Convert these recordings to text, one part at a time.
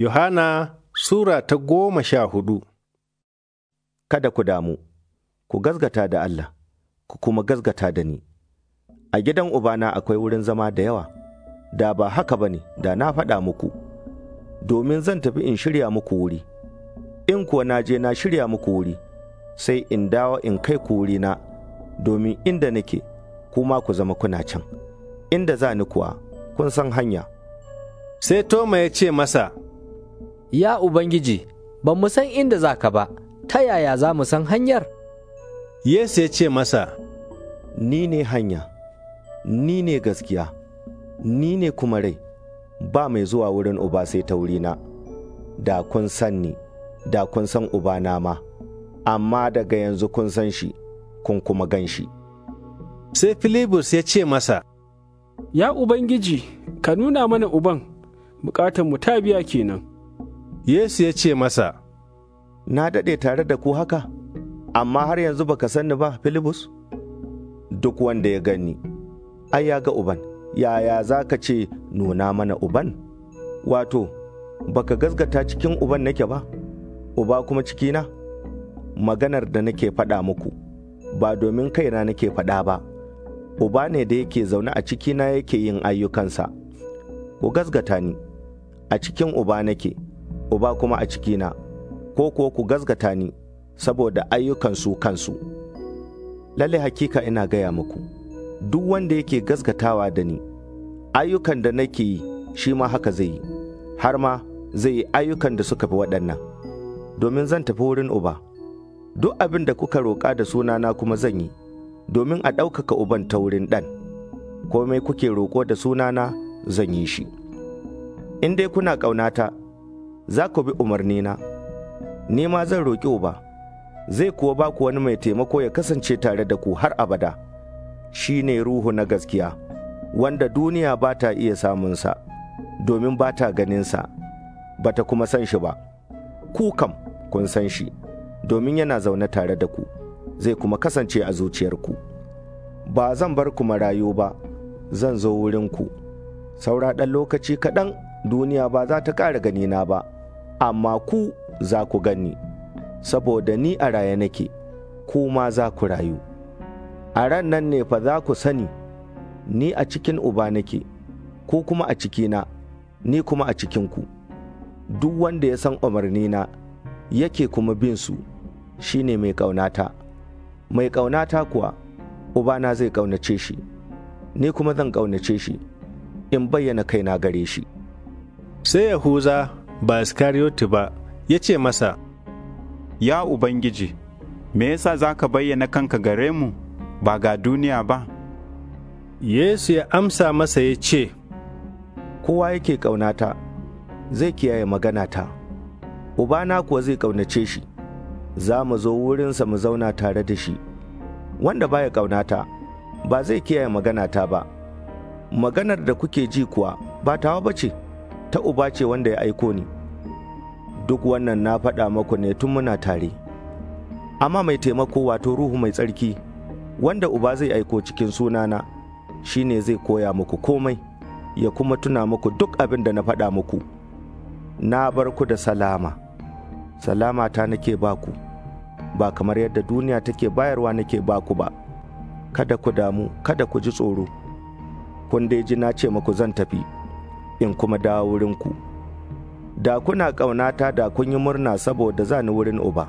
Yohana Sura ta goma sha hudu Kada ku damu, ku gazgata da Allah, ku kuma gazgata da ni. A gidan Ubana akwai wurin zama da yawa, da ba haka ba ne, da na faɗa muku, domin zan tafi in shirya muku wuri. In kuwa na je na shirya muku wuri, sai in dawo in kai ku na. domin inda nake, kuma ku zama kuna can. Inda za ni kuwa, kun san hanya. Sai Toma ya ce masa, Ya Ubangiji, ba mu san inda za ka ba, ta yaya za mu san hanyar? Yesu ya ce masa, Ni ne hanya, ni ne gaskiya, ni ne kuma rai, ba mai zuwa wurin Uba sai ta wuri na, da kun san ni, da kun san na ma, amma daga yanzu kun san shi, kun kuma gan shi. Sai Filibus ya ce masa, Ya Ubangiji, ka nuna mana Uban, bukatar mu ta biya kenan. Yesu ya ce masa, Na daɗe tare da ku haka, amma har yanzu baka sani ba, Filibus? Duk wanda ya gani, ai ya ga Uban, yaya za ka ce nuna mana Uban? Wato, baka gasgata cikin Uban nake ba, Uba kuma cikina? Maganar da nake faɗa muku, ba domin kaina nake faɗa ba, Uba ne da yake zaune a cikina yake yin ayyukansa. Ku gasgata ni, a cikin Uba nake. uba kuma a cikina, ko kuwa ku gazgata ni saboda ayyukansu kansu. Lalle hakika ina gaya muku, duk wanda yake gazgatawa da ni, ayyukan da nake yi shi ma haka zai yi, har ma zai yi ayyukan da suka fi waɗannan, domin zan tafi wurin uba. Duk abin da kuka roƙa da sunana kuma zan yi, domin a ɗaukaka uban ta wurin ɗan, komai kuke roƙo da sunana zan yi shi. In dai kuna ƙaunata, za ku bi umarnina, ni ma zan roƙi uba, zai kuwa ba ku wani mai taimako ya kasance tare da ku har abada, shi ne ruhu na gaskiya, wanda duniya ba ta iya samunsa, domin ba ta ganinsa, ba ta kuma san shi ba, ku kam kun san shi, domin yana zaune tare da ku, zai kuma kasance a zuciyarku. Ba zan bar ku marayu ba, zan zo wurinku, saura ɗan lokaci kaɗan duniya ba za ta ƙara ganina ba. amma ku za ku gani, saboda ni a raya nake, ku ma za ku rayu. A ran nan ne fa za ku sani, ni a cikin uba nake, ku kuma a cikina, ni kuma a cikinku. Duk wanda ya san umarnina yake kuma bin su, shine mai ƙaunata. Mai ƙaunata kuwa, Ubana zai ƙaunace shi, ni kuma zan ƙaunace shi, in bayyana kaina gare shi. Sai Yahuza ba iskariyoti ba ya ce masa ya ubangiji me yasa za ka bayyana kanka gare mu ba ga duniya ba yesu ya amsa masa ya ce kowa yake ƙaunata zai kiyaye maganata ubana kuwa zai ƙaunace shi za mu zo wurinsa mu zauna tare da shi wanda baya ƙaunata ba zai kiyaye maganata ba maganar da kuke ji kuwa ba tawa ba ce ta uba ce wanda ya aiko ni duk wannan na faɗa maku ne tun muna tare amma mai taimako wato ruhu mai tsarki wanda uba zai aiko cikin sunana shi ne zai koya muku komai ya kuma tuna muku duk abin da na faɗa muku na bar ku da salama salama ta nake baku ba kamar yadda duniya take bayarwa nake baku ba kada ku damu kada ku ji tsoro kun dai ji na ce muku zan tafi in kuma dawo ku. Da kuna ƙaunata da kun yi murna saboda za ni wurin Uba,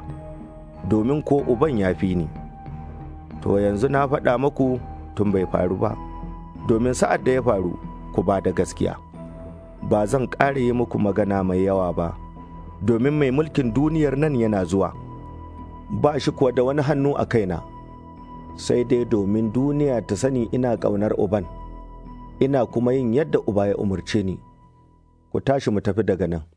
domin ko Uban ya fi ni. To yanzu na faɗa muku tun bai faru ba, domin sa'ad da ya faru ku ba da gaskiya. Ba zan ƙara yi muku magana mai yawa ba, domin mai mulkin duniyar nan yana zuwa. Ba shi kuwa da wani hannu a kaina, sai dai domin duniya ta sani ina ƙaunar Uban. ina kuma yin yadda uba ya umarce ni. ku tashi mu tafi daga nan